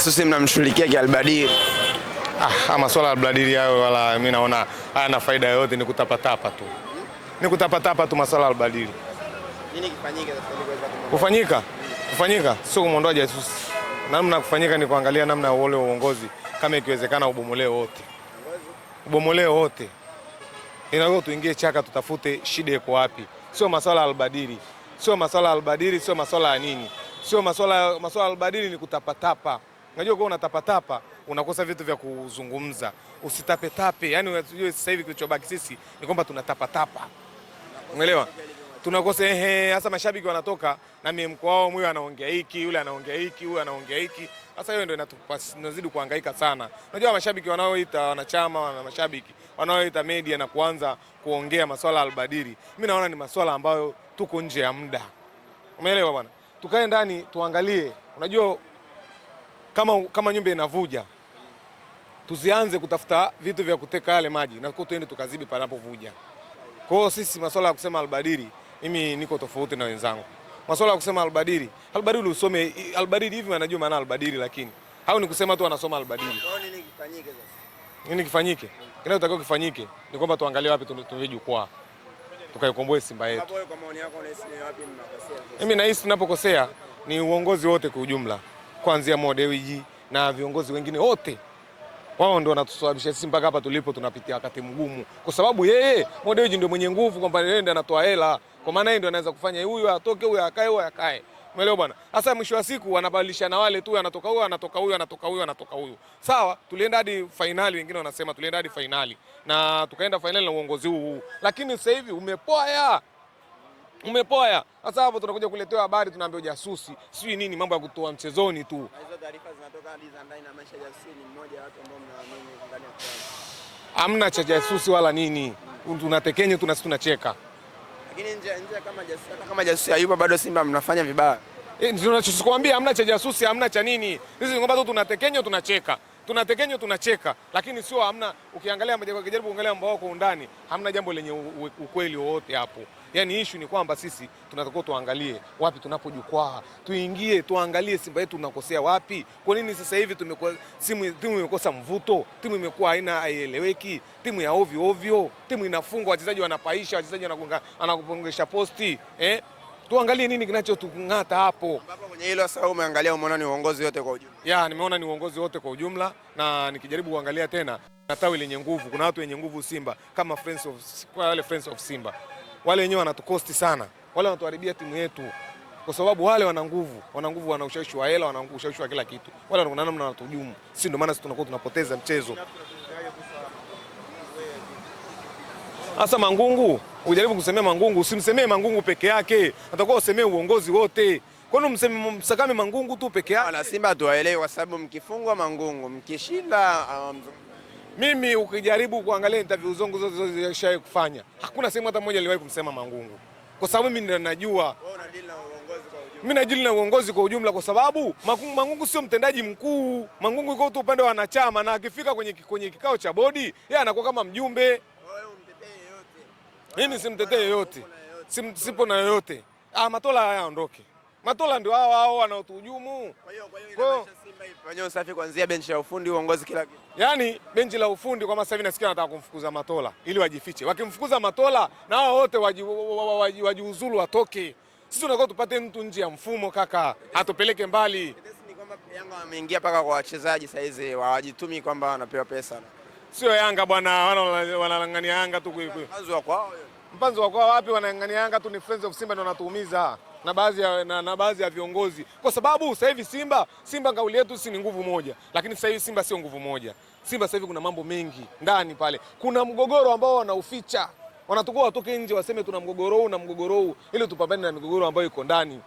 sisi mnamshughulikia kialbadiri? Ah, ama swala la albadiri hayo, wala mimi naona hayana faida yoyote, ni kutapatapa tu, ni kutapatapa tu maswala ya albadiri. Nini kifanyike sasa ili kuweza kufanyika? Kufanyika sio kumwondoa Jesus. Namna kufanyika ni kuangalia namna ya ule uongozi, kama ikiwezekana ubomolewe wote, ubomolewe wote. Inaweza tuingie chaka, tutafute shida iko wapi, sio maswala ya albadiri, sio maswala ya albadiri, sio maswala ya nini, sio maswala maswala albadiri, ni kutapatapa. Unajua kwa unatapatapa unakosa vitu vya kuzungumza, usitapetape. Yani unajua sasa hivi kilichobaki sisi ni kwamba tunatapatapa, umeelewa? Tunakosa ehe. Hasa mashabiki wanatoka na mko wao, mwe anaongea hiki, yule anaongea hiki, huyu anaongea hiki. Sasa hiyo ndio inazidi kuhangaika sana. Unajua mashabiki wanaoita wanachama na mashabiki wanaoita media na kuanza kuongea maswala albadiri, mimi naona ni maswala ambayo tuko nje ya muda, umeelewa bwana? Tukae ndani tuangalie, unajua kama, kama nyumba inavuja tuzianze kutafuta vitu vya kuteka yale maji na kwa tuende tukazibi panapovuja. Kwa hiyo sisi masuala ya kusema albadiri, mimi niko tofauti na wenzangu. Masuala ya kusema albadiri, albadiri usome albadiri hivi wanajua maana albadiri, lakini hao ni kusema tu wanasoma albadiri. Nini kifanyike sasa? Nini kifanyike? Kinachotakiwa kifanyike ni kwamba tuangalie wapi tutumie jukwaa tukaikomboe Simba yetu. Kwa maoni yako, unahisi ni wapi Mimi nahisi tunapokosea ni uongozi wote kwa ujumla kuanzia modewiji na viongozi wengine wote wao ndio wanatusababisha sisi mpaka hapa tulipo, tunapitia wakati mgumu, kwa sababu yeye Modewiji ndio mwenye nguvu, kwamba yeye ndiye anatoa hela, kwa maana yeye ndio anaweza kufanya huyu atoke, huyu akae, huyu akae. Umeelewa bwana? Sasa mwisho wa siku wanabadilisha na wale tu, anatoka huyu, anatoka huyu, anatoka huyu, anatoka huyu. Sawa, tulienda hadi fainali, wengine wanasema tulienda hadi fainali na tukaenda fainali na uongozi huu, lakini sasa hivi umepoa ya Umepoya sasa. Hapo tunakuja kuletewa habari, tunaambia ujasusi sijui nini, mambo ya kutoa mchezoni tu. Hamna cha jasusi wala nini, tunatekenye tu na sisi tunacheka, lakini nje nje, kama jasusi kama jasusi hayupo bado Simba mnafanya vibaya. E, tunachokuambia hamna cha jasusi, hamna cha nini. Sisi ngomba tu tunatekenyo, tunacheka tunatekenyo tunacheka, lakini sio hamna. Ukiangalia kijaribu kuangalia mbao kwa undani, hamna jambo lenye ukweli wowote hapo. Yani issue ni kwamba sisi tunatakiwa tuangalie wapi tunapojukwaa, tuingie tuangalie Simba yetu tunakosea wapi. Kwa nini sasa hivi tumekuwa simu, timu imekosa mvuto, timu imekuwa haina haieleweki, timu ya ovyo ovyo, timu inafungwa, wachezaji wanapaisha, wachezaji wanagonga, anakupongesha posti eh? Tuangalie nini kinachotung'ata hapo. Baba, kwenye hilo sasa umeangalia, umeona ni uongozi wote kwa ujumla? Ya, nimeona ni uongozi wote kwa ujumla, na nikijaribu kuangalia tena na tawi lenye nguvu, kuna watu wenye nguvu Simba kama friends of, wale friends of Simba wale wenyewe wanatukosti sana, wale wanatuharibia timu yetu, kwa sababu wale wana nguvu, wana nguvu, wana ushawishi wa hela, wana ushawishi wa kila kitu, wale wana namna wanatuhujumu, si ndio maana sisi tunakuwa tunapoteza mchezo. Hasa Mangungu, ujaribu kusemea Mangungu, usimsemee Mangungu peke yake, atakuwa usemee uongozi wote Kwani mseme msakame Mangungu tu peke yake? Wana Simba tuwaelewe, kwa sababu mkifungwa Mangungu, mkishinda um... Mimi ukijaribu kuangalia interview zangu zote zilizoshawahi kufanya, hakuna sehemu hata moja niliwahi kumsema Mangungu, kwa sababu mimi najua mimi najili na uongozi kwa ujumla, kwa sababu Mangungu sio mtendaji mkuu. Mangungu yuko tu upande wa wanachama, na akifika kwenye, kwenye kikao cha bodi yeye anakuwa kama mjumbe. Mimi simtetee yoyote, sipo na yoyote. Ah, Matola haya aondoke. Matola ndio hao hao wanaotuhujumu. Kwa hiyo kwa hiyo inaonyesha Simba ipo. Wenyewe usafi kuanzia benchi la ufundi, uongozi, kila kitu. Yaani benchi la ufundi kwa sasa hivi nasikia wanataka kumfukuza Matola ili wajifiche. Wakimfukuza Matola na hao wote wajiuzulu waji, waji watoke. Sisi tunataka tupate mtu nje ya mfumo kaka, atupeleke mbali. Ni kwamba Yanga wameingia paka kwa wachezaji sasa hizi hawajitumi kwamba wanapewa pesa. Sio Yanga bwana, wanalangania Yanga tu. Kwanza kwao. Mpanzo wako wapi? Wanang'anianga tu ni Friends of Simba ndio wanatuumiza na baadhi ya, na, na baadhi ya viongozi kwa sababu sasa hivi Simba Simba kauli yetu si ni nguvu moja, lakini sasa hivi Simba sio nguvu moja. Simba sasa hivi kuna mambo mengi ndani pale, kuna mgogoro ambao wanauficha, wanatukua watoke nje waseme tuna mgogoro huu na mgogoro huu, ili tupambane na migogoro ambayo iko ndani.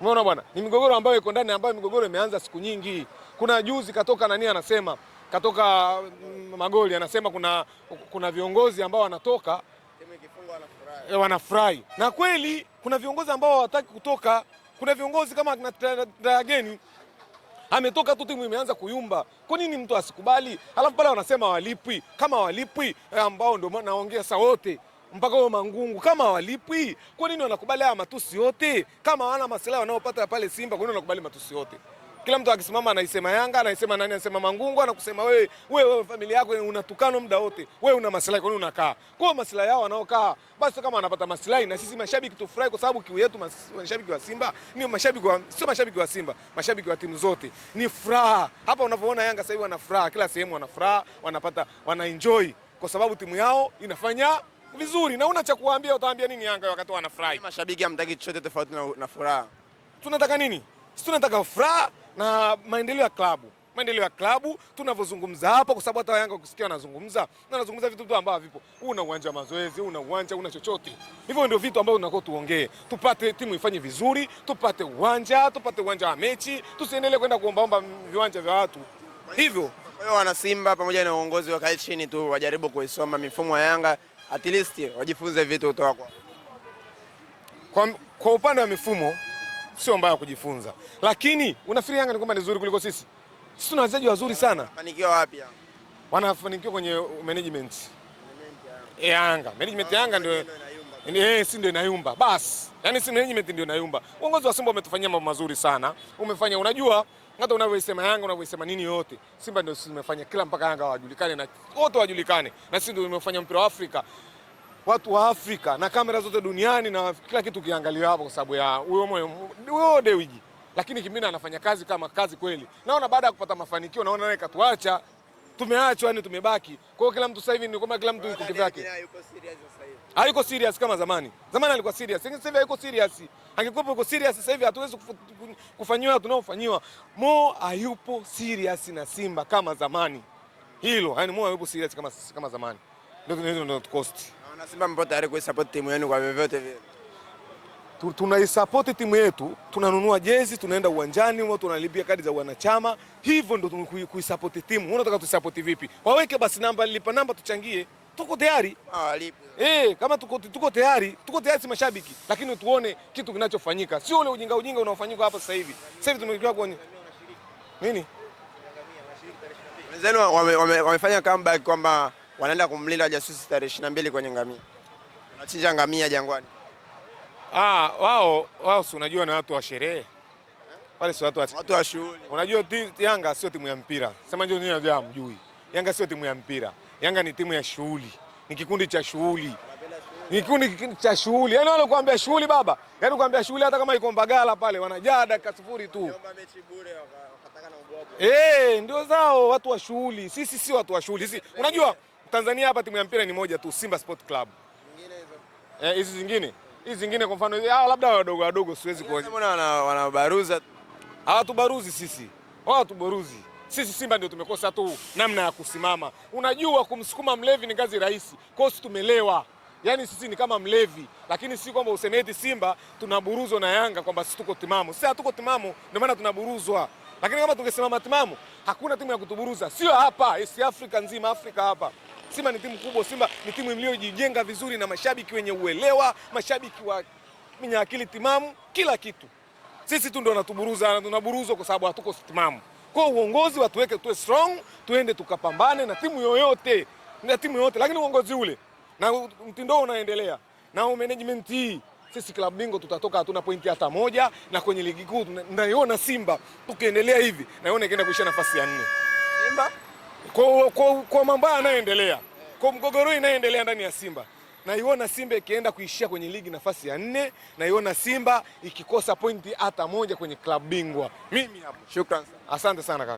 Umeona bwana, ni migogoro ambayo iko ndani, ambayo migogoro imeanza siku nyingi. Kuna juzi katoka nani anasema, katoka mm, Magoli anasema kuna, kuna viongozi ambao wanatoka e, wanafurahi na kweli. Kuna viongozi ambao hawataki kutoka, kuna viongozi kama Ndayageni ametoka tu, timu imeanza kuyumba. Kwa nini mtu asikubali? Alafu pale wanasema walipwi, kama walipwi eh, ambao ndio naongea saa wote mpaka huyo Mangungu, kama walipwi, kwa nini wanakubali haya matusi yote? Kama wana maslahi wanaopata pale Simba, kwa nini wanakubali matusi yote? Kila mtu akisimama anaisema Yanga, anaisema nani, anasema Mangungu, anakusema wewe, wewe, wewe familia yako unatukano muda wote, wewe una maslahi, kwa nini unakaa kwa maslahi yao wanaokaa. Basi kama wanapata maslahi, na sisi mashabiki tufurahi, kwa sababu kiu yetu mashabiki wa Simba ni mashabiki wa, sio mashabiki wa Simba, mashabiki wa timu zote ni furaha. Hapa unavyoona Yanga sasa hivi wana furaha, kila sehemu wana furaha, wanapata wana enjoy kwa sababu timu yao inafanya vizuri, na una cha kuambia, utaambia nini Yanga wakati wanafurahi? Mashabiki hamtaki chochote tofauti na furaha. Tunataka nini? Sisi tunataka furaha na maendeleo ya klabu maendeleo ya klabu tunavyozungumza hapa, kwa sababu hata Yanga ukisikia anazungumza na anazungumza vitu tu ambavyo vipo. Una uwanja wa mazoezi, una uwanja, una chochote hivyo, ndio vitu ambavyo tunako tuongee, tupate timu ifanye vizuri, tupate uwanja, tupate uwanja wa mechi, tusiendelee kwenda kuombaomba viwanja vya watu hivyo. Kwa hiyo wanasimba pamoja na uongozi wakae chini tu, wajaribu kuisoma mifumo ya Yanga, at least wajifunze vitu kutoka kwa kwa upande wa mifumo sio mbaya kujifunza, lakini unafikiri Yanga ni kwamba ni nzuri kuliko sisi? Sisi tuna wachezaji wazuri sana. Wanafanikiwa wapi? Wanafanikiwa kwenye management ya eh, Yanga. Management ya Yanga ah, ndio eh, si ndio inayumba basi, yaani si management ndio inayumba. Uongozi wa Simba umetufanyia mambo mazuri sana, umefanya unajua hata unavyosema Yanga unavyosema nini yote, Simba ndio simefanya kila mpaka Yanga wajulikane na wote wajulikane, na sisi ndio tumefanya mpira wa Afrika watu wa Afrika na kamera zote duniani na kila kitu kiangaliwa hapo, kwa sababu ya huyo moyo huyo Dewiji, Lakini Kimina anafanya kazi kama kazi kweli, naona baada ya kupata mafanikio, naona naye katuacha, tumeachwa, yani tumebaki. Kwa kila mtu sasa hivi ni kama kila mtu yuko kivyake, hayuko serious sasa hivi, hayuko serious kama zamani. Zamani alikuwa serious, sasa hivi hayuko serious. Angekuwa yuko serious sasa hivi hatuwezi kufanyiwa tunaofanyiwa. Mo hayupo serious na Simba kama zamani, hilo yani Mo hayupo serious kama kama zamani, ndio ndio cost na mpo tayari kuisupport timu yenu kwa vyovyote vile? Tunaisupport timu yetu, tunanunua jezi, tunaenda uwanjani, wao tunalipia kadi za wanachama, hivyo ndo kuisupport timu. Unataka tusupport vipi? Waweke basi namba, lipa namba, tuchangie Tuko tayari ah, e, kama tuko, tuko tayari tuko tayari, si mashabiki, lakini tuone kitu kinachofanyika, sio ule ujinga ujinga unaofanyika hapa sasa hivi. Sasa hivi tumekuja kwenye nini, wenzenu wamefanya wame, wame comeback kwamba wanaenda kumlinda jasusi tarehe ishirini na mbili kwenye ngamia, wanachinja ngamia Jangwani. Ah, wao wao, si unajua, na watu wa sherehe wale, si watu wa watu wa shughuli. Unajua Yanga sio timu ya mpira, sema njoo unajua, unajua mjui Yanga sio timu ya mpira. Yanga ni timu ya shughuli, ni kikundi cha shughuli, ni kikundi cha shughuli. Yaani wale kuambia shughuli baba, yaani kuambia shughuli, hata kama iko Mbagala pale wanajaa dakika sifuri tu eh, ndio zao, watu wa shughuli. Sisi si watu wa shughuli, sisi unajua Tanzania hapa timu ya mpira ni moja tu, Simba Sport Club. hizo. Eh, hizi zingine hizi zingine kwa mfano hao labda wadogo wadogo siwezi kuona. Mbona wana wanabaruza? Hawatubaruzi sisi. Wao hawatubaruzi. Sisi Simba ndio tumekosa tu namna ya kusimama. Unajua kumsukuma mlevi ni kazi rahisi. Kwa hiyo tumelewa. Yaani sisi ni kama mlevi, lakini si kwamba useme eti Simba tunaburuzwa na Yanga kwamba sisi tuko timamu. Sisi hatuko timamu, ndio maana tunaburuzwa. Lakini kama tungesimama timamu, hakuna timu ya kutuburuza. Sio hapa, East Africa nzima, Afrika hapa. Simba ni timu kubwa, Simba ni timu iliyojijenga vizuri na mashabiki wenye uelewa, mashabiki wa wenye akili timamu, kila kitu. Sisi tu ndio wanatuburuza, tunaburuzwa kwa sababu hatuko timamu. Kwa uongozi watuweke tuwe strong, tuende tukapambane na timu yoyote na timu yoyote, lakini uongozi ule na mtindo unaendelea na management hii sisi klabu bingo tutatoka, hatuna pointi hata moja, na kwenye ligi kuu naiona Simba tukiendelea hivi, naiona ikienda kuisha nafasi ya nne Simba kwa, kwa, kwa mambo yanayoendelea, kwa mgogoro inayoendelea ndani ya Simba naiona Simba ikienda kuishia kwenye ligi nafasi ya nne, naiona Simba ikikosa pointi hata moja kwenye klabu bingwa. Mimi hapo shukran asante sana kaka.